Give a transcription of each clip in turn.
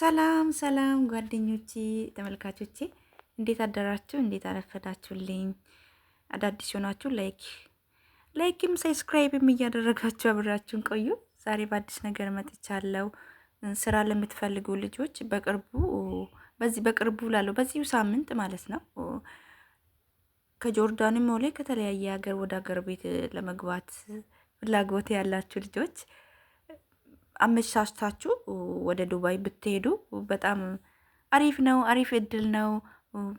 ሰላም ሰላም ጓደኞቼ ተመልካቾቼ እንዴት አደራችሁ? እንዴት አረፈዳችሁልኝ? አዳዲስ ሆናችሁ ላይክ ላይክም ሰብስክራይብም እያደረጋችሁ አብራችሁን ቆዩ። ዛሬ በአዲስ ነገር መጥቻለሁ። ስራ ለምትፈልጉ ልጆች በቅርቡ በዚህ በቅርቡ ላለው በዚሁ ሳምንት ማለት ነው ከጆርዳንም ሆነ ከተለያየ ሀገር ወደ ሀገር ቤት ለመግባት ፍላጎት ያላችሁ ልጆች አመሻሽታችሁ ወደ ዱባይ ብትሄዱ በጣም አሪፍ ነው። አሪፍ እድል ነው።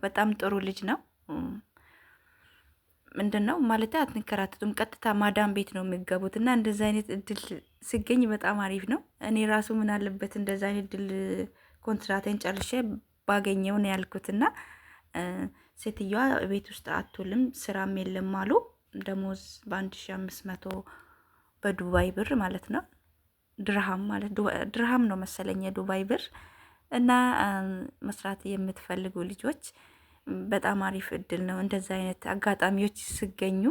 በጣም ጥሩ ልጅ ነው። ምንድን ነው ማለት አትንከራተቱም። ቀጥታ ማዳም ቤት ነው የሚገቡት እና እንደዚ አይነት እድል ሲገኝ በጣም አሪፍ ነው። እኔ ራሱ ምን አለበት እንደዚ አይነት እድል ኮንትራቴን ጨርሼ ባገኘው ነው ያልኩት። እና ሴትዮዋ ቤት ውስጥ አትውልም፣ ስራም የለም አሉ። ደሞዝ በአንድ ሺ አምስት መቶ በዱባይ ብር ማለት ነው። ድርሃም ማለት ድርሃም ነው መሰለኝ የዱባይ ብር እና መስራት የምትፈልጉ ልጆች በጣም አሪፍ እድል ነው። እንደዚህ አይነት አጋጣሚዎች ሲገኙ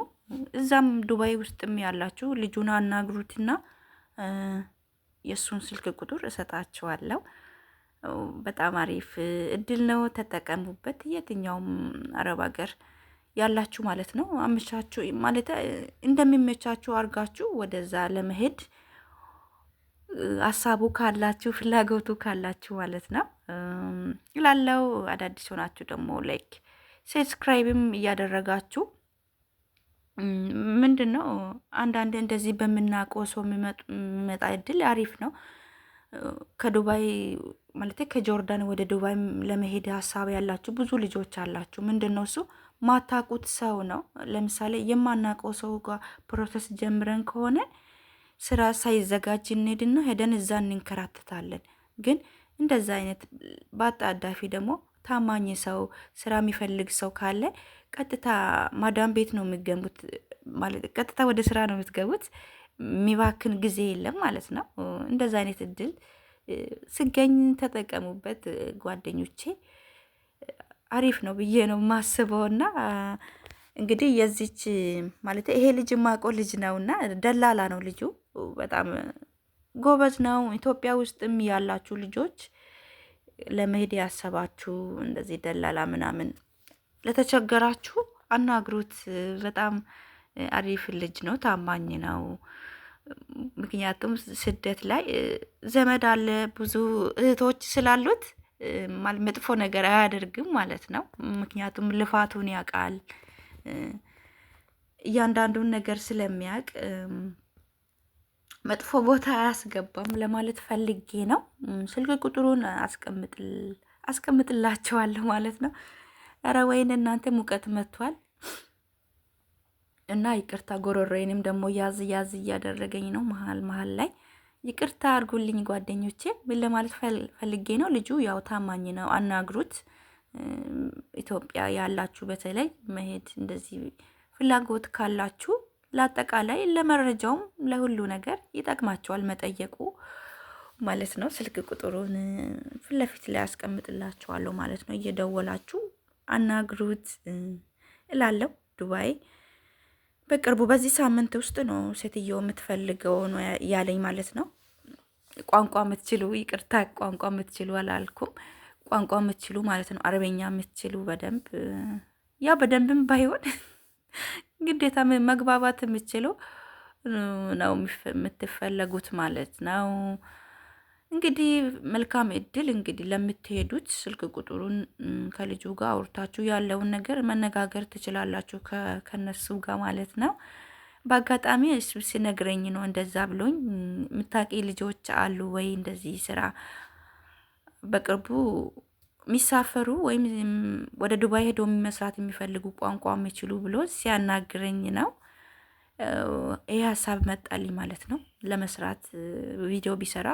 እዛም ዱባይ ውስጥም ያላችሁ ልጁን አናግሩትና የእሱን ስልክ ቁጥር እሰጣችኋለሁ። በጣም አሪፍ እድል ነው፣ ተጠቀሙበት። የትኛውም አረብ ሀገር ያላችሁ ማለት ነው አመቻችሁ ማለት እንደሚመቻችሁ አድርጋችሁ ወደዛ ለመሄድ ሀሳቡ ካላችሁ ፍላጎቱ ካላችሁ ማለት ነው ላለው አዳዲስ ሆናችሁ ደግሞ ላይክ ሰብስክራይብም እያደረጋችሁ ምንድን ነው አንዳንድ እንደዚህ በምናውቀው ሰው የሚመጣ እድል አሪፍ ነው። ከዱባይ ማለት ከጆርዳን ወደ ዱባይ ለመሄድ ሀሳብ ያላችሁ ብዙ ልጆች አላችሁ። ምንድን ነው እሱ ማታቁት ሰው ነው። ለምሳሌ የማናውቀው ሰው ጋር ፕሮሰስ ጀምረን ከሆነ ስራ ሳይዘጋጅ እንሄድና ሄደን እዛ እንንከራተታለን። ግን እንደዛ አይነት በአጣዳፊ ደግሞ ታማኝ ሰው ስራ የሚፈልግ ሰው ካለ ቀጥታ ማዳም ቤት ነው የሚገቡት፣ ማለት ቀጥታ ወደ ስራ ነው የምትገቡት። የሚባክን ጊዜ የለም ማለት ነው። እንደዛ አይነት እድል ስገኝ ተጠቀሙበት ጓደኞቼ። አሪፍ ነው ብዬ ነው ማስበውና እንግዲህ የዚች ማለት ይሄ ልጅ ማቆ ልጅ ነውና ደላላ ነው ልጁ። በጣም ጎበዝ ነው። ኢትዮጵያ ውስጥም ያላችሁ ልጆች ለመሄድ ያሰባችሁ እንደዚህ ደላላ ምናምን ለተቸገራችሁ አናግሩት። በጣም አሪፍ ልጅ ነው፣ ታማኝ ነው። ምክንያቱም ስደት ላይ ዘመድ አለ፣ ብዙ እህቶች ስላሉት መጥፎ ነገር አያደርግም ማለት ነው። ምክንያቱም ልፋቱን ያውቃል፣ እያንዳንዱን ነገር ስለሚያውቅ መጥፎ ቦታ አያስገባም ለማለት ፈልጌ ነው። ስልክ ቁጥሩን አስቀምጥላቸዋለሁ ማለት ነው። ኧረ ወይን እናንተ ሙቀት መጥቷል እና ይቅርታ ጎረሮዬንም ደግሞ ያዝ ያዝ እያደረገኝ ነው መሀል መሀል ላይ ይቅርታ አድርጉልኝ ጓደኞቼ። ምን ለማለት ፈልጌ ነው፣ ልጁ ያው ታማኝ ነው፣ አናግሩት። ኢትዮጵያ ያላችሁ በተለይ መሄድ እንደዚህ ፍላጎት ካላችሁ ለአጠቃላይ ለመረጃውም ለሁሉ ነገር ይጠቅማቸዋል መጠየቁ ማለት ነው። ስልክ ቁጥሩን ፊት ለፊት ላይ ያስቀምጥላችኋለሁ ማለት ነው። እየደወላችሁ አናግሩት እላለሁ። ዱባይ በቅርቡ በዚህ ሳምንት ውስጥ ነው ሴትየው የምትፈልገው ነው ያለኝ ማለት ነው። ቋንቋ የምትችሉ ይቅርታ፣ ቋንቋ የምትችሉ አላልኩም፣ ቋንቋ የምትችሉ ማለት ነው። አረበኛ የምትችሉ በደንብ ያው በደንብም ባይሆን ግዴታ መግባባት የምችለው ነው የምትፈለጉት ማለት ነው። እንግዲህ መልካም እድል። እንግዲህ ለምትሄዱት ስልክ ቁጥሩን ከልጁ ጋር አውርታችሁ ያለውን ነገር መነጋገር ትችላላችሁ ከነሱ ጋር ማለት ነው። በአጋጣሚ እሱ ሲነግረኝ ነው እንደዛ ብሎኝ፣ ምታቂ ልጆች አሉ ወይ እንደዚህ ስራ በቅርቡ የሚሳፈሩ ወይም ወደ ዱባይ ሄዶ መስራት የሚፈልጉ ቋንቋ የሚችሉ ብሎ ሲያናግረኝ ነው ይህ ሀሳብ መጣልኝ ማለት ነው። ለመስራት ቪዲዮ ቢሰራ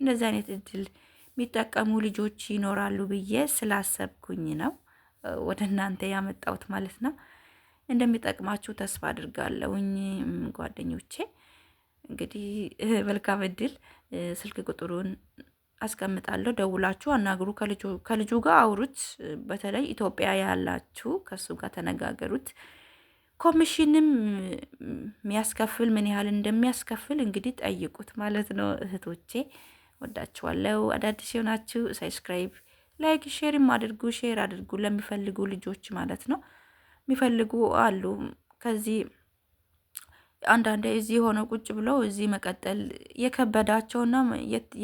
እንደዚህ አይነት እድል የሚጠቀሙ ልጆች ይኖራሉ ብዬ ስላሰብኩኝ ነው ወደ እናንተ ያመጣሁት ማለት ነው። እንደሚጠቅማችሁ ተስፋ አድርጋለሁኝ ጓደኞቼ። እንግዲህ መልካም እድል። ስልክ ቁጥሩን አስቀምጣለሁ። ደውላችሁ አናግሩ፣ ከልጁ ጋር አውሩት። በተለይ ኢትዮጵያ ያላችሁ ከሱ ጋር ተነጋገሩት። ኮሚሽንም የሚያስከፍል ምን ያህል እንደሚያስከፍል እንግዲህ ጠይቁት ማለት ነው። እህቶቼ ወዳችኋለሁ። አዳዲስ የሆናችሁ ሳብስክራይብ፣ ላይክ፣ ሼርም አድርጉ። ሼር አድርጉ ለሚፈልጉ ልጆች ማለት ነው። የሚፈልጉ አሉ ከዚህ አንዳንዴ እዚህ የሆነ ቁጭ ብለው እዚህ መቀጠል የከበዳቸውና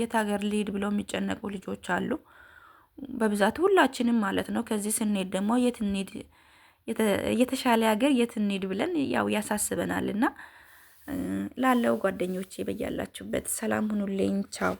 የት ሀገር ልሂድ ብለው የሚጨነቁ ልጆች አሉ። በብዛት ሁላችንም ማለት ነው። ከዚህ ስንሄድ ደግሞ የት እንሂድ የተሻለ ሀገር የት እንሂድ ብለን ያው ያሳስበናል። እና ላለው ጓደኞቼ በያላችሁበት ሰላም ሁኑልኝ። ቻው